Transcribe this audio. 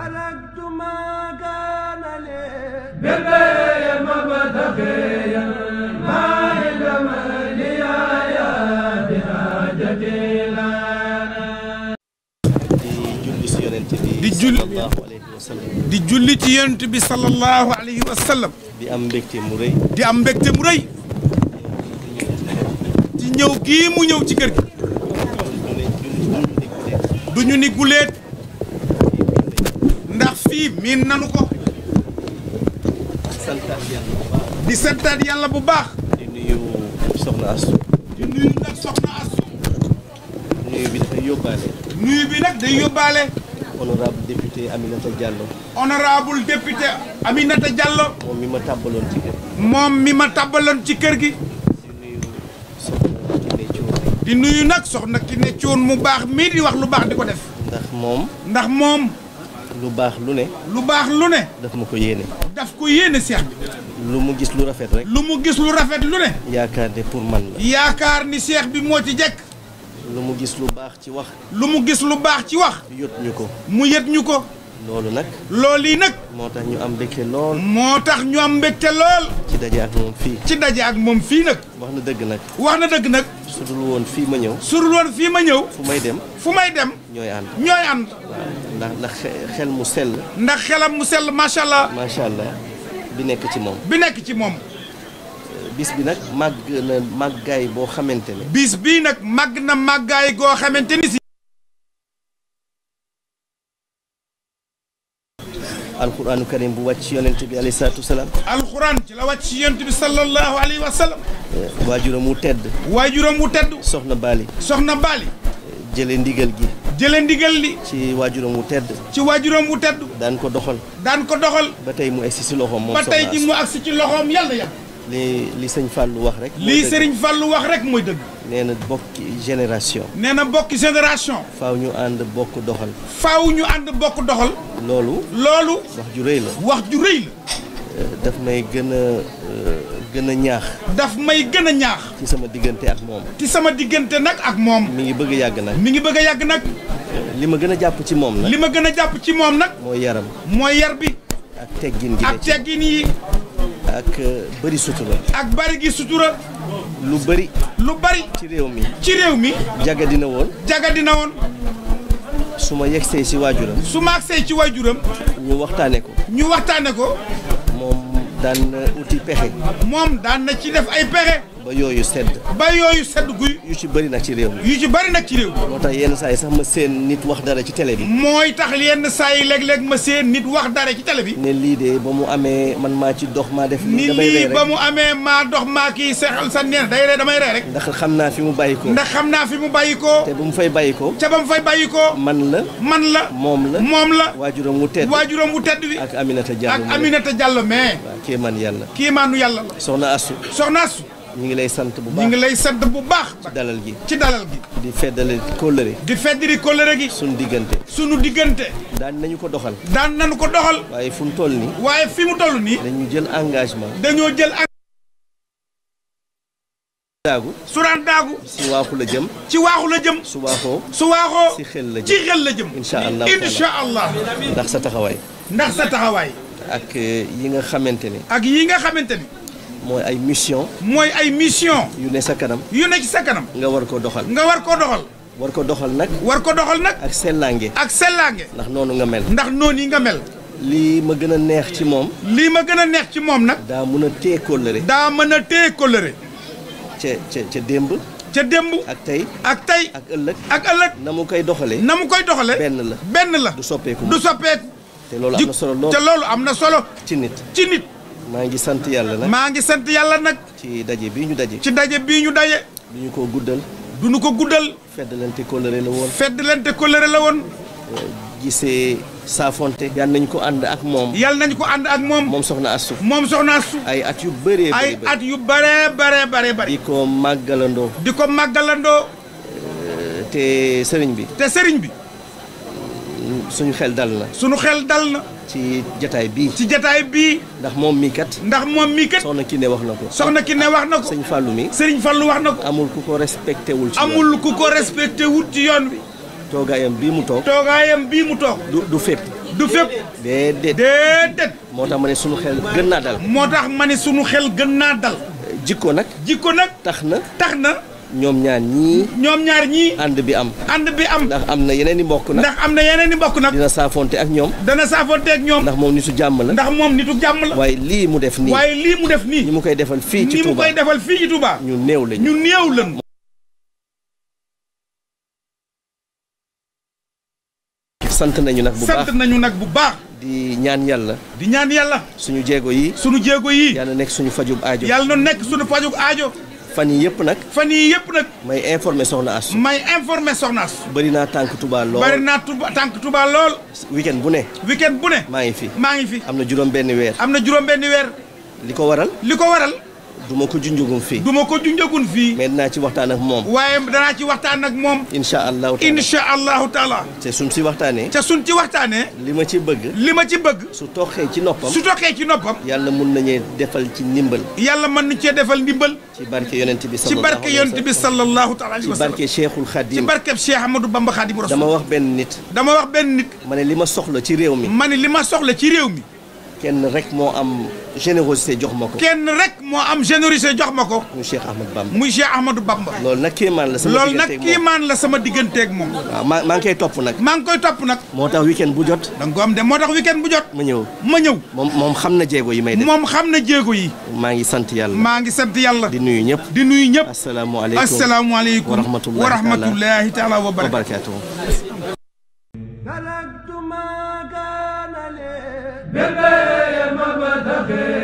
تركت ما كان لي بالبيع مبتغيا ما علم لي يا بحاجتي di julli di julli ci yonent bi sallallahu alayhi wa sallam. di am mbégte mu rëy. di am mbégte mu rëy. ci ñëw gii mu ñëw ci kër gi. du ñu ni guleet. fii miin nanu ko. di santaat yàlla bu baax. di nuyu soxna Astou. di nuyu nag soxna Astou. nag day mi ma tàbbaloon ci kër mi ma tàbbaloon ci kër gi. di nuyu nag soxna ki ne coon mu baax mii di wax lu baax di ko def. ndax moom. ndax moom. lu baax lu ne. lu baax lu ne. daf ma ko yéene. daf ko yéene seex bi. lu mu gis lu rafet rek. lu mu gis lu rafet lu ne. yaakaar ne pour man la. yaakaar ni seex bi moo ci jekk. lu mu gis lu baax ci wax. lu mu gis lu baax ci wax. yët ñu ko. mu yët ñu ko. loolu nag. loolu yi nag. moo tax ñu am mbégte lool. moo tax ñu am mbégte lool. ci daje ak moom fii. ci daje ak moom fii nag. wax na dëgg nag. wax na dëgg nag. sudul woon fii ma ñëw. sudul woon fii ma ñëw. fu may dem. fu may dem. ñooy ànd. ñooy ànd. ndax ndax xel mu sel ndax xelam mu sell macha allah. macha allah bi nekk ci moom. bi nekk ci moom. Euh, bis bi nag màgg na màggaay boo xamante ne. bis bii nag màgg na màggaay goo xamante ni si. alquranu karim bu wàcc yonent bi alayhi salaatu wasalaam alquran ci la wàcc yonent bi sallallahu alayhi wa sallam eh, waajuram wu tedd waajuram wu tedd soxna baali soxna baali eh, jële ndigal gi jële ndigal li ci waajuram wu tedd ci waajuram wu tedd daan ko doxal daan ko doxal ba tey mu agsi ci loxoom moom ba tey ji mu agsi ci loxoom yàlla yàlla li li sëñ Fallou wax rek. lii sëriñ Fallou wax rek mooy dëgg. nee na bokki génération. nee na bokki génération. faaw ñu ànd bokk doxal. faaw ñu ànd bokk doxal. loolu. loolu. wax ju réy la. wax ju rëy la. Euh, daf may gën a euh, gën a ñaax. daf may gën a ñaax. ci sama diggante ak moom. ci sama diggante nag ak moom. mi ngi bëgg a yàgg nag. mi ngi bëgg yàgg nag. Euh, li ma gën a jàpp ci moom nag. li ma gën a jàpp ci moom nag. mooy yaram. moo yar bi. ak teggin gi ak teggin yi. ak euh, bëri sutura. ak bëri gi sutura. lu bëri. lu bëri. ci réew mi ci réew mi. jaga dina woon. jaga dina woon. su ma yegsee si waajuram. su ma yegsee ci waajuram. ñu waxtaane ko. ñu waxtaane ko. moom daan na uti pexe. moom daan na ci def ay pexe. ba yooyu sedd ba yooyu sedd guy yu ci bari nag ci réew yu ci bëri nag ci réew moo tax yenn saa yi sax ma seen nit wax dara ci tele bi mooy tax yenn saa yi léeg-léeg ma seen nit wax dara ci tele bi ne lii de ba mu amee man maa ci dox maa def ni lii ba mu amee maa dox maa kii seexal sa neen day ree damay ree rek ndax xam naa fi mu bàyyi ko ndax xam naa fi mu bàyyi ko te ba mu fay bàyyi ko ca ba mu fay bàyyi ko man la man la moom la moom la waajuram wu tedd waajuram wu tedd wi ak Aminata Diallo ak Aminata Diallo mais kéemaan yàlla kéemaanu yàlla la soxna Assu soxna Assu ñu ngi lay sant bu baax ñu lay sant bu baax. ci dalal gi ci dalal gi. di feddali kóllëre. di feddali kóllëre gi. sunu diggante. sunu diggante. daan nañu ko doxal. daan nañu ko doxal. waaye fu nii. waaye fi mu toll nii. dañu jël engagement. dañoo jël engagement. daagu suraan daagu si waaxu la jëm ci waaxu la jëm su waaxoo su waaxoo ci la jëm ci xel la ndax sa taxawaay ndax sa taxawaay ak eh, yi nga xamante ni ak yi nga xamante ni mooy ay mission mooy ay mission yu ne sa kanam yu ne ci sa kanam nga war koo doxal nga war koo doxal war ko doxal nag war ko doxal nag ak sellaange ak sellaange ndax noonu nga mel ndax noonu yi nga mel lii ma gën a neex ci moom lii ma gën a neex ci moom nag daa mën a téye kóllëre daa mën a téye kóllëre ca ca ca démb ca démb ak tey ak tey ak ëllëg ak ëllëg na mu koy doxalee na mu koy doxalee benn la benn la du soppeeku du soppeeku te loolu am na solo lool te loolu am na solo ci nit ci nit maa ngi sant yàlla nag maa ngi sant yàlla nag. ci daje bii ñu daje. ci daje bii ñu daje. du ñu ko guddal. du ñu ko guddal. feddalante kóllëre la woon. feddalante kóllëre la woon. Euh, gisee saafonte. yal nañu ko ànd ak moom. yal nañu ko ànd ak moom. moom soxna Astou. moom soxna Astou. ay at yu bëree. ay at yu bëree bëree bëree bëri. di ko màggalandoo. di ko màggalandoo. Euh, te sëriñ bi. te sëriñ bi. suñu xel dal na. suñu xel dal na. ci jataay bii. ci jataay bii. ndax moom mii kat. ndax moom mii kat. soxna ne wax na ko. soxna Kiné wax na ko. sëñ Fallou mi. sëñ Fallou wax na ko. amul ku ko respecté wul. ci amul ku ko respecté wul ci yoon wi toogaayam bii mu toog. toogaayam bii mu toog. du du fépp. du fépp. déedéet déedéet. moo tax ma ne sunu xel gën naa dal. moo tax ma ne suñu xel gën naa dal. jikko nag. jikko nag tax na. tax na. ñoom ñaar ñii. ñoom ñaar ñii. ànd bi am. ànd bi am. ndax am na yeneen i mbokk nag. ndax am na yeneen i mbokk nag. dina saafonte ak ñoom. dana saafonte ak ñoom. ndax moom su jàmm la. ndax moom nitu jàmm la. waaye lii mu def nii. waaye lii mu def nii. ñi mu koy defal fii ci Touba ñi mu koy defal fii ñu néew lañu ñu néew lañu. sant nañu nag bu sant nañu nag bu baax. di ñaan yàlla. di ñaan yàlla. suñu jéego yi. suñu jéego yi. yàlla nekk suñu fajub aajo. yàlla na nekk suñu fajub aajo. fan yi yëpp nag. fan yii yëpp nag. may informé Soxna Astou. may informé Soxna Astou. bëri naa tànk Touba lool naa Touba tànk Touba lool. weekend bu ne. weekend bu ne. maa ngi fi maa ngi fi. am na juróom benn weer. am na juróom benn weer. li ko waral. li ko waral. duma ma ko junjagum fii du ma ko junjagum fii mais danaa ci waxtaan ak moom waaye danaa ci waxtaan ak moom incha allahu taala incha allahu taala te suñ si waxtaanee te suñ ci waxtaanee li ma ci bëgg li ma ci bëgg su toqee ci noppam su toqee ci noppam yàlla mun nañu defal ci ndimbal yàlla mën nañu cee defal ndimbal ci barke yonent bi ci barke yonent bi sallallahu taala alayhi wa sallam ci barke Cheikhul Khadim ci barke Cheikh Ahmadou Bamba Khadim Rasul dama wax benn nit dama wax benn nit ma ne li ma soxla ci réew mi ma ne li ma soxla ci réew mi kenn rek moo am générosité jox ma ko. kenn rek moo am générosité jox ma ko. muy Cheikh Ahmadou Bamba. muy Cheikh Ahmadou Bamba. loolu nag kiimaan la sama digganteeg moom loolu nag kiimaan maa maa ngi koy topp nag. maa ngi koy topp nag. moo tax weekend bu jot. da nga ko am de moo tax weekend bu jot. ma ñëw ma ñëw. moom moom xam na jéego yi may def. moom xam na jéego yi. maa ngi sant yàlla. maa ngi sant yàlla. di nuyu ñëpp. di nuyu ñëpp. asalaamualeykum asalaamualeykum. wa rahmatulahi wa rahmatulahi taala wa barakaatu. Bébé Amen.